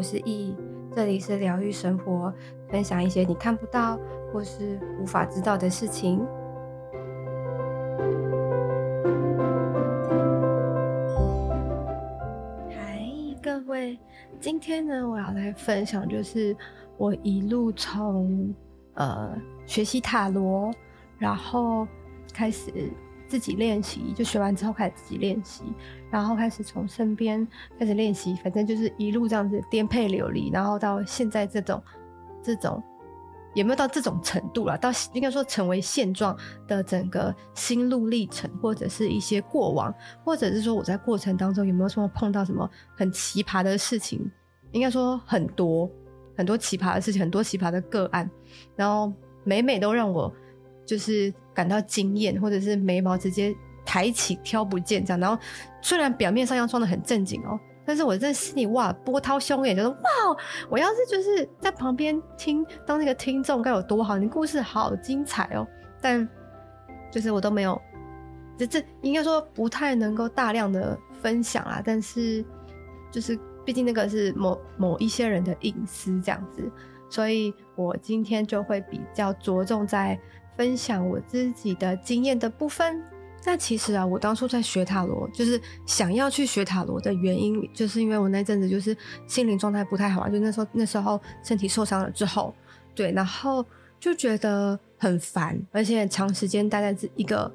我是易，這裡是療癒生活，分享一些你看不到或是無法知道的事情。嗨，各位，今天呢，我要來分享，就是我一路從，呃，學習塔羅，然後開始。自己練習，就學完之後開始自己練習，然後開始從身邊開始練習，反正就是一路這樣子顛沛流離，然後到現在這種這種，有沒有到這種程度啦？到應該說成為現狀的整個心路歷程，或者是一些過往，或者是說我在過程當中有沒有什麼碰到什麼很奇葩的事情？應該說很多很多奇葩的事情，很多奇葩的個案，然後每每都讓我。就是感到驚豔，或者是眉毛直接抬起挑不見這樣，然後雖然表面上要裝得很正經哦，但是我這心裡哇波濤洶湧，就說哇，我要是就是在旁邊聽當那個聽眾該有多好，你故事好精彩哦！但就是我都沒有，這這應該說不太能夠大量的分享啦，但是就是畢竟那個是某某一些人的隱私這樣子，所以我今天就會比較着重在。分享我自己的經驗的部分。那其實啊，我當初在學塔羅，就是想要去學塔羅的原因，就是因為我那陣子就是心靈狀態不太好啊，就那時候那時候身體受傷了之後，對，然後就覺得很煩，而且長時間待在一個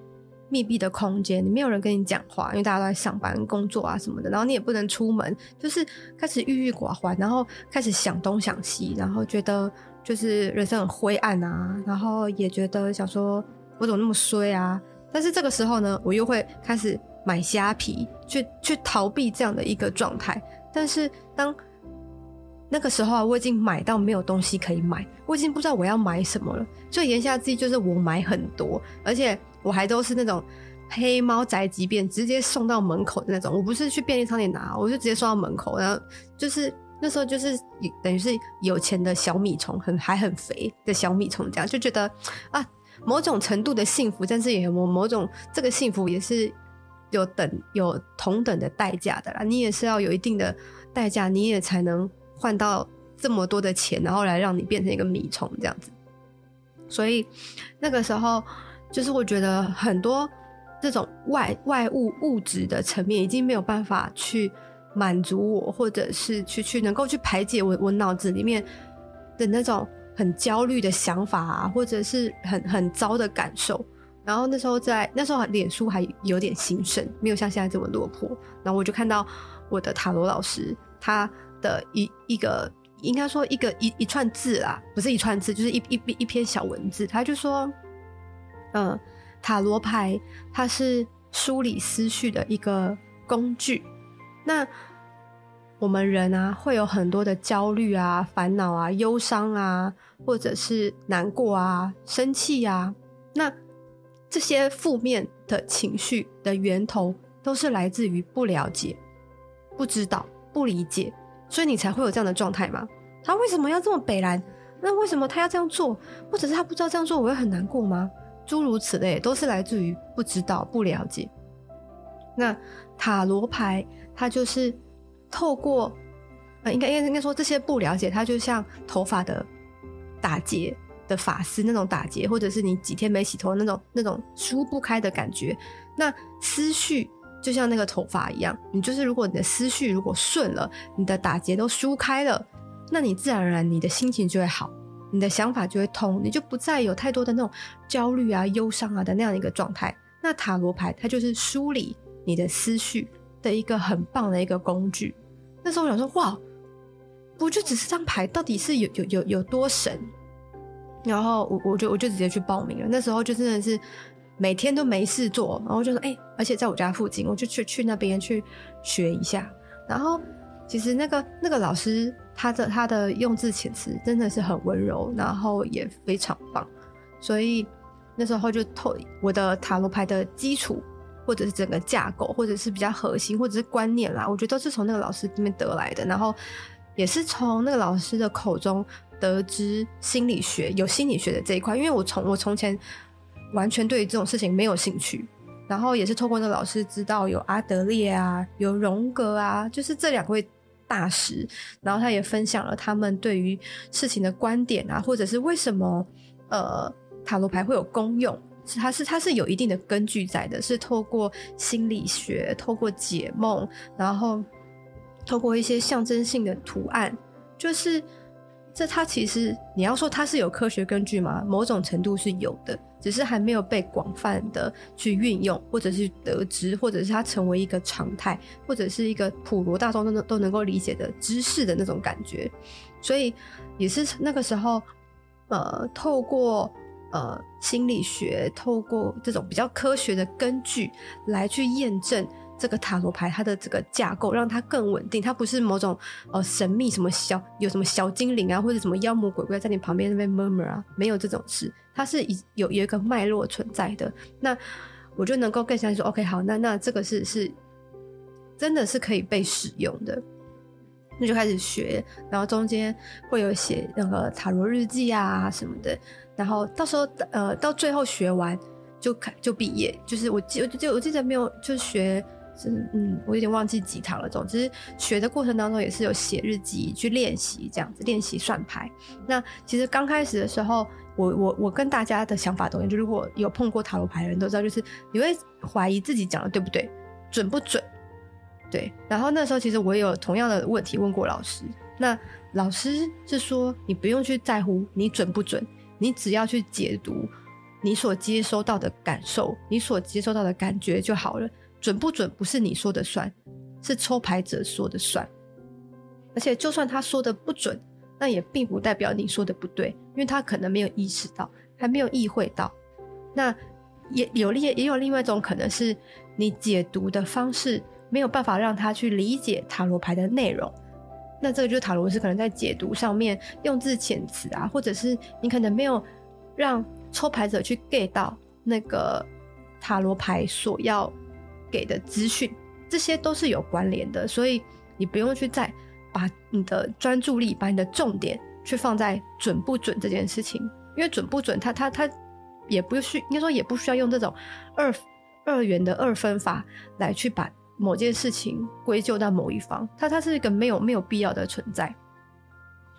密閉的空間，沒有人跟你講話，因為大家都在上班工作啊什麼的，然後你也不能出門，就是開始鬱鬱寡歡，然後開始想東想西，然後覺得。就是人生很灰暗啊，然後也覺得想說我怎麼那麼衰啊！但是這個時候呢，我又會開始買蝦皮，去去逃避這樣的一個狀態。但是當那個時候啊，我已經買到沒有東西可以買，我已經不知道我要買什麼了。所以言下之意就是我買很多，而且我還都是那種黑貓宅急便直接送到門口的那種，我不是去便利商店拿，我就直接送到門口，然後就是。那時候就是等於是有錢的小米蟲，很還很肥的小米蟲，這樣就覺得啊，某種程度的幸福，但是也有某某種這個幸福也是有等有同等的代價的啦。你也是要有一定的代價，你也才能換到這麼多的錢，然後來讓你變成一個米蟲這樣子。所以那個時候，就是我覺得很多這種外外物物質的層面，已經沒有辦法去。滿足我，或者是去去能夠去排解我我腦子裡面的那種很焦慮的想法啊，或者是很很糟的感受。然後那時候在那時候臉書還有點興盛，沒有像現在這麼落魄。然後我就看到我的塔羅老師他的一一個應該說一個一一串字啊，不是一串字，就是一一一篇小文字。他就說，嗯，塔羅牌它是梳理思緒的一個工具。那我們人啊，會有很多的焦慮啊、煩惱啊、憂傷啊，或者是難過啊、生氣啊。那這些負面的情緒的源頭，都是來自於不了解、不知道、不理解，所以你才會有這樣的狀態嗎？他、啊、為什麼要這麼北爛？那為什麼他要這樣做？或者是他不知道這樣做我會很難過嗎？諸如此類，都是來自於不知道、不了解。那塔羅牌。它就是透過，呃，應該應該應該說，這些不了解，它就像頭髮的打結的髮絲那種打結，或者是你幾天沒洗頭那種那種梳不開的感覺。那思緒就像那個頭髮一樣，你就是如果你的思緒如果順了，你的打結都梳開了，那你自然而然你的心情就會好，你的想法就會通，你就不再有太多的那種焦慮啊、憂傷啊的那樣一個狀態。那塔羅牌它就是梳理你的思緒的一個很棒的一個工具，那時候我想說，哇，不就只是張牌，到底是有有有有多神？然後我我就我就直接去報名了。那時候就真的是每天都沒事做，然後就說，哎、欸，而且在我家附近，我就去去那邊去學一下。然後其實那個那個老師他的他的用字遣詞真的是很溫柔，然後也非常棒。所以那時候就透我的塔羅牌的基礎。或者是整個架構，或者是比較核心，或者是觀念啦，我覺得都是從那個老師這邊得來的。然後也是從那個老師的口中得知心理學有心理學的這一塊。因為我從我從前完全對於這種事情沒有興趣，然後也是透過那個老師知道有阿德勒啊，有榮格啊，就是這兩位大師。然後他也分享了他們對於事情的觀點啊，或者是為什麼呃塔羅牌會有功用。是，它是它是有一定的根據在的，是透過心理學，透過解夢，然後透過一些象徵性的圖案，就是這它其實你要說它是有科學根據嗎？某種程度是有的，只是還沒有被廣泛的去運用，或者是得知，或者是它成為一個常態，或者是一個普羅大眾都能都能夠理解的知識的那種感覺。所以也是那個時候，呃，透過。呃，心理學透過這種比較科學的根據來去驗證這個塔羅牌它的這個架構，讓它更穩定。它不是某種呃神秘什麼小有什麼小精靈啊，或者什麼妖魔鬼怪在你旁邊那邊 murmur 啊，沒有這種事。它是有有一個脈絡存在的，那我就能夠更相信說，OK，好，那那這個是是真的是可以被使用的，那就開始學，然後中間會有寫那個塔羅日記啊什麼的。然後到時候，呃，到最後學完就開就畢業，就是我記我記我記得沒有就學，嗯，我有點忘記幾堂了。總之學的過程當中也是有寫日記去練習這樣子，練習算牌。那其實剛開始的時候，我我我跟大家的想法都一樣，就如果有碰過塔羅牌的人都知道，就是你會懷疑自己講的對不對，準不準。對，然後那時候其實我也有同樣的問題問過老師，那老師是說你不用去在乎你準不準。你只要去解讀你所接收到的感受，你所接收到的感覺就好了。準不準不是你說的算，是抽牌者說的算。而且，就算他說的不準，那也並不代表你說的不對，因為他可能沒有意識到，還沒有意會到。那也有另也有另外一種可能是，你解讀的方式沒有辦法讓他去理解塔羅牌的內容。那這個就是塔羅師可能在解讀上面用字遣詞啊，或者是你可能沒有讓抽牌者去 get 到那個塔羅牌所要給的資訊，這些都是有關聯的。所以你不用去再把你的專注力、把你的重點去放在準不準這件事情，因為準不準，他他他也不需，應該說也不需要用這種二二元的二分法來去把。某件事情歸咎到某一方，他他是一個沒有沒有必要的存在。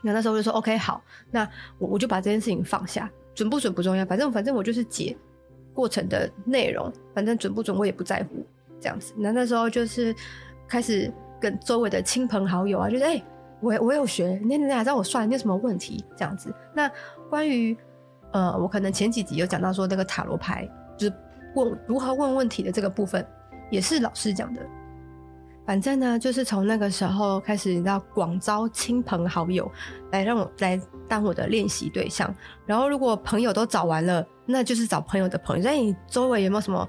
那那時候我就說 OK 好，那我我就把這件事情放下，準不准不重要，反正反正我就是解過程的內容，反正準不准我也不在乎這樣子。那那時候就是開始跟周圍的親朋好友啊，就是，哎、欸，我我有學，你你還讓我算，你有什麼問題？這樣子。那關於呃，我可能前幾集有講到說那個塔羅牌，就是問如何問問題的這個部分。也是老師講的，反正呢，就是從那個時候開始，你知道廣招親朋好友來讓我來當我的練習對象。然後，如果朋友都找完了，那就是找朋友的朋友。那你周圍有沒有什麼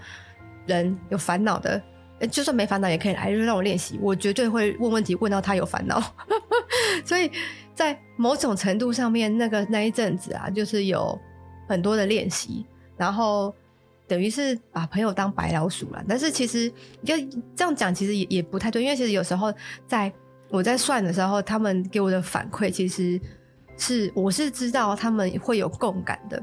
人有煩惱的？就算沒煩惱也可以來，就讓我練習。我絕對會問問題問到他有煩惱。 所以在某種程度上面，那個那一陣子啊，就是有很多的練習，然後。等於是把朋友當白老鼠了，但是其實就這樣講，其實也也不太對，因為其實有時候在我在算的時候，他們給我的反饋，其實是我是知道他們會有共感的。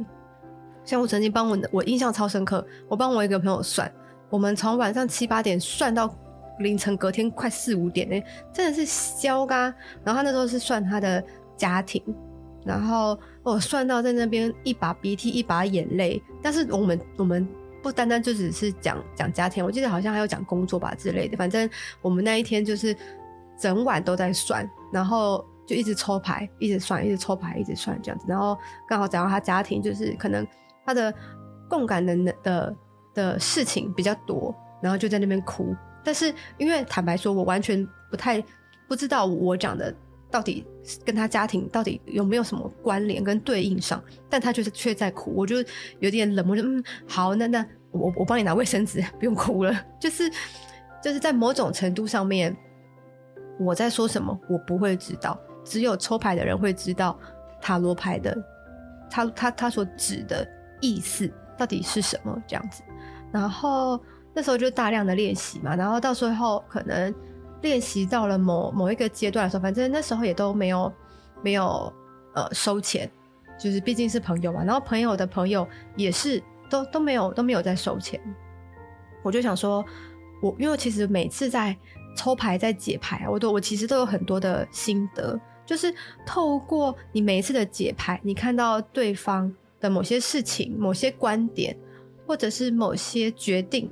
像我曾經幫我，我印象超深刻，我幫我一個朋友算，我們從晚上七八點算到凌晨隔天快四五點那、欸、真的是消嘎，然後他那時候是算他的家庭，然後我算到在那邊一把鼻涕一把眼淚。但是我們我們不單單就只是講講家庭，我記得好像還有講工作吧之類的。反正我們那一天就是整晚都在算，然後就一直抽牌，一直算，一直抽牌，一直算這樣子。然後剛好講到他家庭，就是可能他的共感能的的，的事情比較多，然後就在那邊哭。但是因為坦白說，我完全不太不知道我講的。到底跟他家庭到底有沒有什麼關聯跟對應上？但他就是卻在哭，我就有點冷漠，我就嗯，好，那那我我幫你拿衛生紙，不用哭了。就是就是在某種程度上面，我在說什麼，我不會知道，只有抽牌的人會知道塔羅牌的他他他所指的意思到底是什麼這樣子。然後那時候就大量的練習嘛，然後到最後可能。練習到了某某一個階段的時候，反正那時候也都沒有沒有呃收錢，就是畢竟是朋友嘛。然後朋友的朋友也是都都沒有都沒有在收錢。我就想說，我因為我其實每次在抽牌在解牌啊，我都我其實都有很多的心得，就是透過你每一次的解牌，你看到對方的某些事情、某些觀點，或者是某些決定，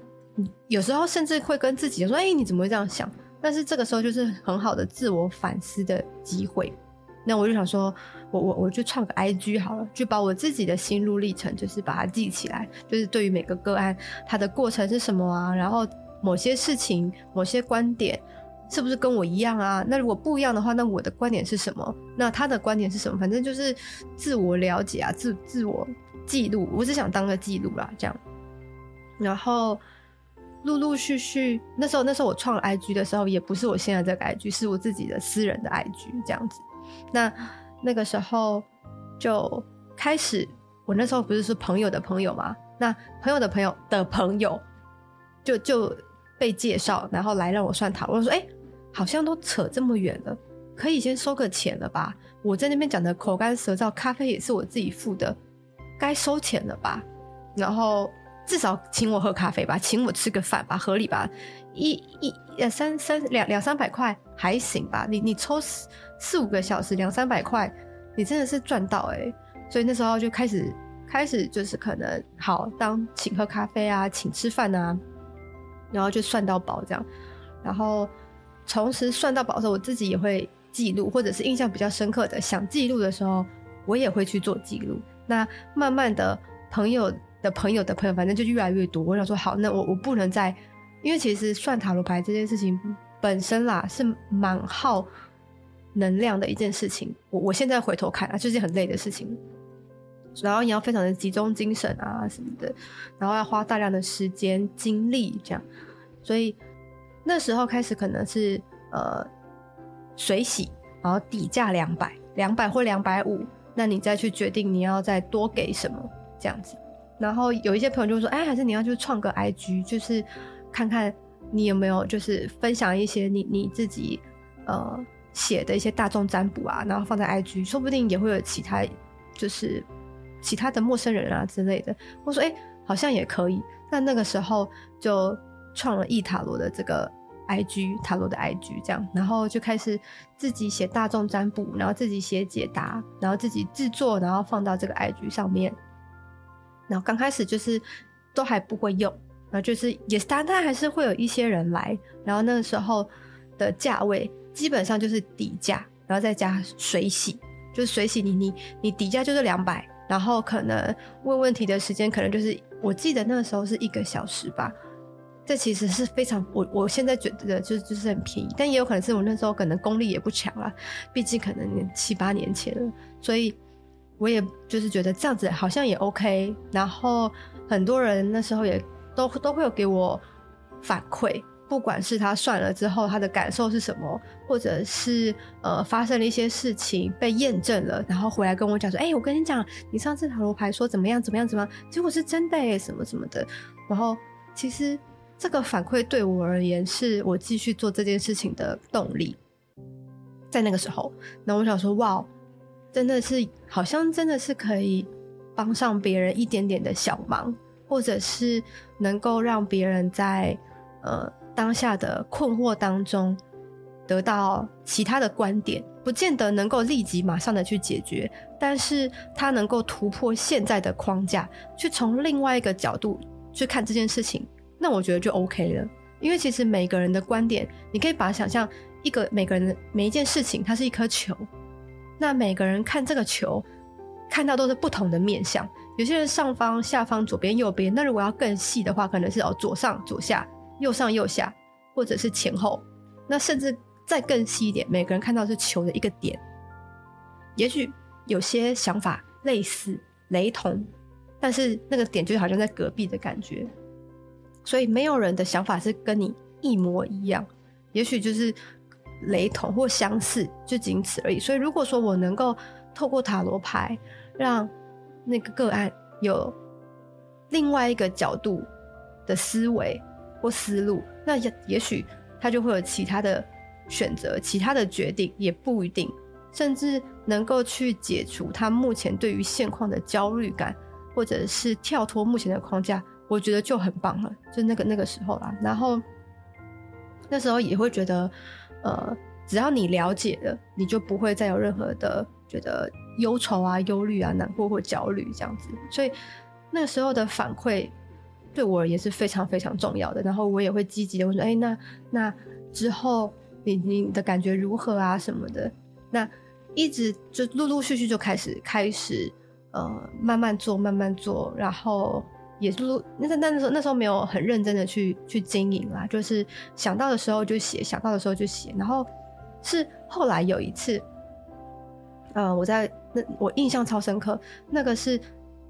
有時候甚至會跟自己說：“欸，你怎麼會這樣想？”但是這個時候就是很好的自我反思的機會，那我就想說，我我我就創個 IG 好了，就把我自己的心路歷程，就是把它記起來，就是對於每個個案，它的過程是什麼啊？然後某些事情、某些觀點，是不是跟我一樣啊？那如果不一樣的話，那我的觀點是什麼？那他的觀點是什麼？反正就是自我了解啊，自自我記錄，我只想當個記錄啦，這樣，然後。陸陸續續，那時候那時候我創了 IG 的時候，也不是我現在這個 IG，是我自己的私人的 IG 這樣子。那那個時候就開始，我那時候不是說朋友的朋友嘛？那朋友的朋友的朋友就，就就被介紹，然後來讓我算塔羅我說，哎、欸，好像都扯這麼遠了，可以先收個錢了吧？我在那邊講的口乾舌燥，咖啡也是我自己付的，該收錢了吧？然後。至少請我喝咖啡吧，請我吃個飯吧，合理吧？一一二三三兩兩三百塊還行吧？你你抽四，四五個小時，兩三百塊，你真的是賺到哎、欸！所以那時候就開始開始就是可能好當請喝咖啡啊，請吃飯啊，然後就算到飽這樣。然後同時算到飽的時候，我自己也會記錄，或者是印象比較深刻的想記錄的時候，我也會去做記錄。那慢慢的，朋友，的朋友的朋友，反正就越來越多。我想說，好，那我我不能再，因為其實算塔羅牌這件事情本身啦，是蠻耗能量的一件事情。我我現在回頭看啊，就是很累的事情，然後你要非常的集中精神啊什麼的，然後要花大量的時間精力這樣。所以那時候開始可能是呃隨喜，然後底價兩百，兩百或兩百五，那你再去決定你要再多給什麼這樣子。然後有一些朋友就說：“哎，還是你要去創個 IG，就是看看你有沒有就是分享一些你你自己呃寫的一些大眾占卜啊，然後放在 IG，說不定也會有其他就是其他的陌生人啊之類的。”我說：“哎，好像也可以。”但那個時候就創了易塔羅的這個 IG，塔羅的 IG 這樣，然後就開始自己寫大眾占卜，然後自己寫解答，然後自己制作，然後放到這個 IG 上面。然後剛開始就是都還不會用，然後就是也是，當然還是會有一些人來。然後那個時候的價位基本上就是底價，然後再加水洗，就是水洗你你你底價就是兩百，然後可能問問題的時間可能就是，我記得那個時候是一個小時吧。這其實是非常，我我現在覺得的就是，就是很便宜，但也有可能是我那時候可能功力也不強了，畢竟可能七八年前了，所以。我也就是覺得這樣子好像也 OK，然後很多人那時候也都都會有給我反饋，不管是他算了之後他的感受是什麼，或者是呃發生了一些事情被驗證了，然後回來跟我講說：“哎、欸，我跟你講，你上次塔羅牌說怎麼樣怎麼樣怎麼樣，結果是真的、欸、什麼什麼的。”然後其實這個反饋對我而言是我繼續做這件事情的動力，在那個時候，那我想說：“哇。”真的是，好像真的是可以幫上別人一點點的小忙，或者是能夠讓別人在呃當下的困惑當中得到其他的觀點，不見得能夠立即馬上的去解決，但是他能夠突破現在的框架，去從另外一個角度去看這件事情，那我覺得就 OK 了。因為其實每個人的觀點，你可以把它想象一個每個人的每一件事情，它是一顆球。那每個人看這個球，看到都是不同的面相。有些人上方、下方、左邊、右邊。那如果要更細的話，可能是哦，左上、左下、右上、右下，或者是前後。那甚至再更細一點，每個人看到是球的一個點。也許有些想法類似、雷同，但是那個點就好像在隔壁的感覺。所以沒有人的想法是跟你一模一樣。也許就是。雷同或相似就僅此而已。所以，如果說我能夠透過塔羅牌讓那個個案有另外一個角度的思維或思路，那也，也許他就會有其他的選擇、其他的決定，也不一定，甚至能夠去解除他目前對於現況的焦慮感，或者是跳脫目前的框架。我覺得就很棒了，就那個那個時候啦。然後那時候也會覺得。呃，只要你了解了，你就不會再有任何的覺得憂愁啊、憂慮啊、難過或焦慮這樣子。所以那個時候的反饋對我而言是非常非常重要的。然後我也會積極的問說：“哎、欸，那那之後你你的感覺如何啊什麼的？”那一直就陸陸續續就開始開始呃慢慢做慢慢做，然後。也是，那那那時候那時候沒有很認真的去去經營啦，就是想到的時候就寫，想到的時候就寫。然後是後來有一次，呃，我在那我印象超深刻，那個是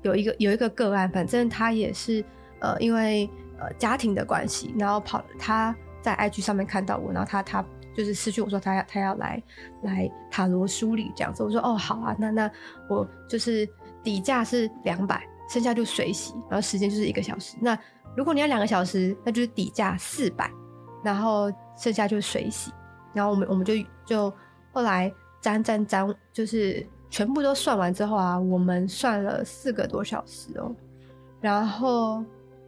有一個有一個個案，反正他也是呃因為呃家庭的關係，然後跑他在 IG 上面看到我，然後他他就是私訊我說，他要他要來來塔羅梳理這樣子，我說哦好啊，那那我就是底價是兩百。剩下就水洗，然後時間就是一個小時。那如果你要兩個小時，那就是底價四百，然後剩下就水洗，然後我們我們就就後來沾沾沾，就是全部都算完之後啊，我們算了四個多小時哦，然後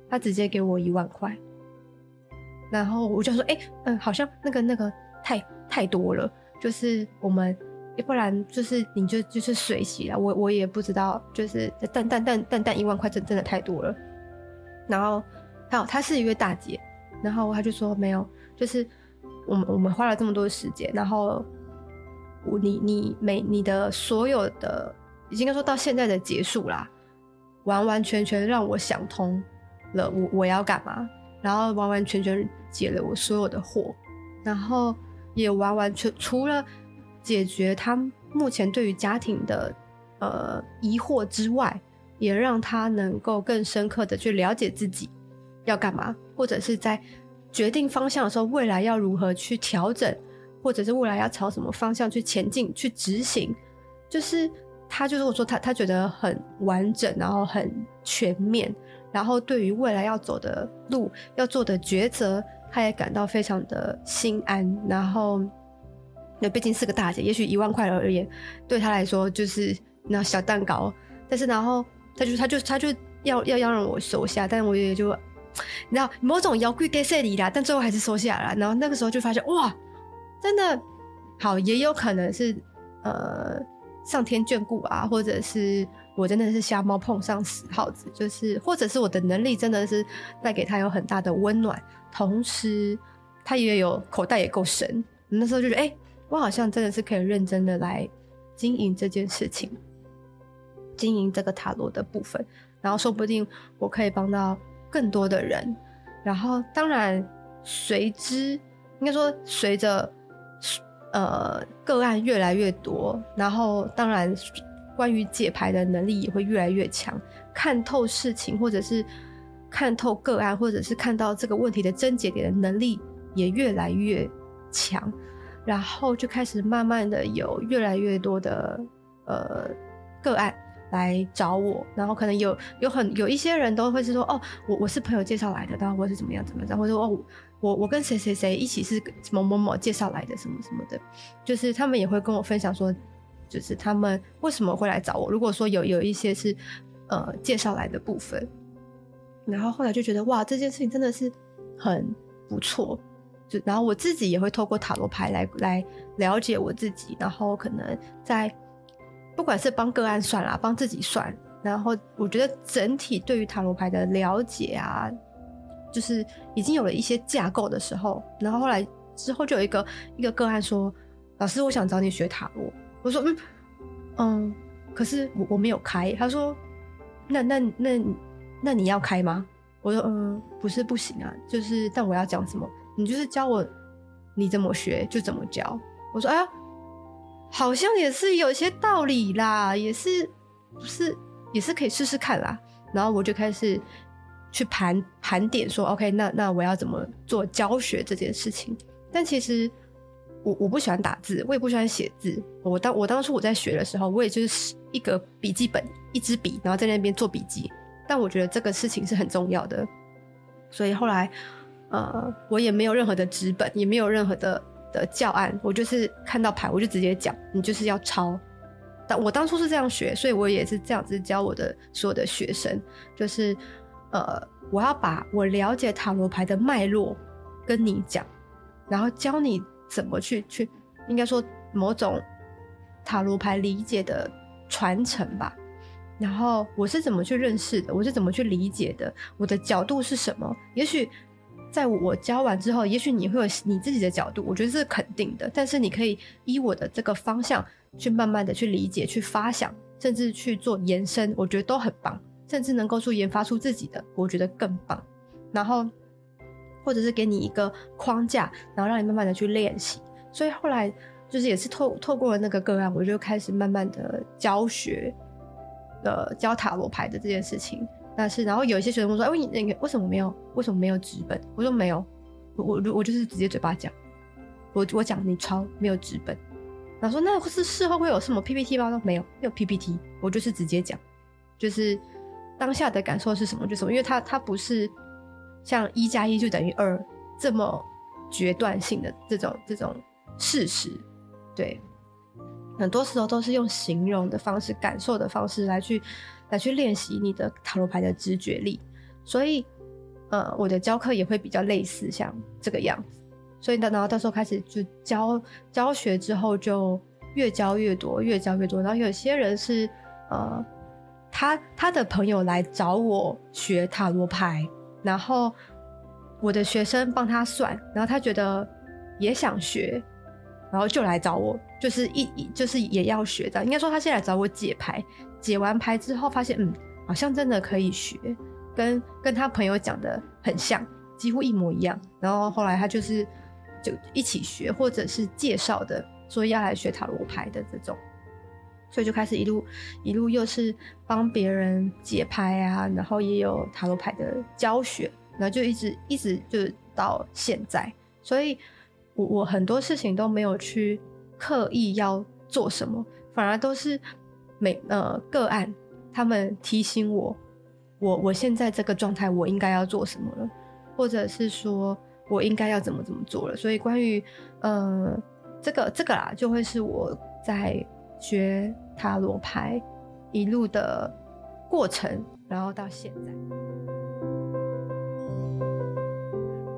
他直接給我一萬塊，然後我就說，哎、欸，嗯、呃，好像那個那個太太多了，就是我們。要、欸、不然就是你就就是水洗了，我我也不知道，就是但但但但但一萬塊真真的太多了。然後，還有他是一位大姐，然後她就說沒有，就是我們我們花了這麼多的時間，然後我你你每你的所有的已經說到現在的結束啦，完完全全讓我想通了，我我要幹嘛，然後完完全全解了我所有的惑，然後也完完全除了。解決他目前對於家庭的呃疑惑之外，也讓他能夠更深刻的去了解自己要幹嘛，或者是在決定方向的時候，未來要如何去調整，或者是未來要朝什麼方向去前進去執行。就是他就如果說他他覺得很完整，然後很全面，然後對於未來要走的路要做的抉擇，他也感到非常的心安，然後。畢竟是個大姐，也許一萬塊而已，對他來說就是那小蛋糕。但是，然後他就她就她就，她就要要要讓我收下，但我也就你知道某種搖滾給 e t 里啦。但最後還是收下了。然後那個時候就發現哇，真的好，也有可能是呃上天眷顧啊，或者是我真的是瞎貓碰上死耗子，就是或者是我的能力真的是帶給他有很大的溫暖，同時他也有口袋也夠深。那時候就覺得哎。欸我好像真的是可以認真的來經營這件事情，經營這個塔羅的部分，然後說不定我可以幫到更多的人。然後當然隨之，應該說隨着呃個案越來越多，然後當然關於解牌的能力也會越來越強，看透事情或者是看透個案，或者是看到這個問題的症結點的能力也越來越強。然後就開始慢慢的有越來越多的呃個案來找我，然後可能有有很有一些人都會是說哦，我我是朋友介紹來的，然後我是怎麼樣怎麼樣，或者哦我我跟誰誰誰一起是某某某介紹來的什麼什麼的，就是他們也會跟我分享說，就是他們為什麼會來找我。如果說有有一些是呃介紹來的部分，然後後來就覺得哇，這件事情真的是很不錯。然後我自己也會透過塔羅牌來來了解我自己，然後可能在不管是幫個案算啦、啊，幫自己算，然後我覺得整體對於塔羅牌的了解啊，就是已經有了一些架構的時候，然後後來之後就有一個一個個案說：“老師，我想找你學塔羅。”我說：“嗯嗯，可是我我沒有開。”他說：“那那那那你要開嗎？”我說：“嗯，不是不行啊，就是但我要講什麼。”你就是教我，你怎麼學就怎麼教。我說，哎呀，好像也是有些道理啦，也是，不是，也是可以試試看啦。然後我就開始去盤盤點說，說 OK，那那我要怎麼做教學這件事情？但其實我我不喜歡打字，我也不喜歡寫字。我當我當初我在學的時候，我也就是一個筆記本、一支筆，然後在那邊做筆記。但我覺得這個事情是很重要的，所以後來。呃，我也沒有任何的資本，也沒有任何的的教案。我就是看到牌，我就直接講，你就是要抄。但我當初是這樣學，所以我也是這樣子教我的所有的學生，就是呃，我要把我了解塔羅牌的脈絡跟你講，然後教你怎麼去去，應該說某種塔羅牌理解的傳承吧。然後我是怎麼去認識的，我是怎麼去理解的，我的角度是什麼？也許。在我教完之後，也許你會有你自己的角度，我覺得是肯定的。但是你可以依我的這個方向去慢慢的去理解、去發想，甚至去做延伸，我覺得都很棒。甚至能夠去研發出自己的，我覺得更棒。然後或者是給你一個框架，然後讓你慢慢的去練習。所以後來就是也是透透過了那個個案，我就開始慢慢的教學的、呃、教塔羅牌的這件事情。但是，然後有一些學生，會說，哎，你那個為什麼沒有？為什麼沒有紙本？我說沒有，我我我就是直接嘴巴講，我我講你抄沒有紙本。然後說那是事後會有什麼 PPT 嗎？我說沒有，沒有 PPT，我就是直接講，就是當下的感受是什麼？就是什麼，因為他他不是像一加一就等於二這麼決斷性的這種這種事實，對。很多時候都是用形容的方式、感受的方式來去、來去練習你的塔羅牌的直覺力，所以，呃，我的教課也會比較類似像這個樣子。所以到然後到時候開始就教教學之後就越教越多，越教越多。然後有些人是呃，他他的朋友來找我學塔羅牌，然後我的學生幫他算，然後他覺得也想學。然後就來找我，就是一就是也要學的。應該說，他先來找我解牌，解完牌之後發現，嗯，好像真的可以學，跟跟他朋友講得很像，幾乎一模一樣。然後後來他就是就一起學，或者是介紹的說要來學塔羅牌的這種，所以就開始一路一路又是幫別人解牌啊，然後也有塔羅牌的教學，然後就一直一直就到現在，所以。我我很多事情都沒有去刻意要做什麼，反而都是每呃個案他們提醒我，我我現在這個狀態我應該要做什麼了，或者是說我應該要怎麼怎麼做了。所以關於呃這個這個啦，就會是我在學塔羅牌一路的過程，然後到現在。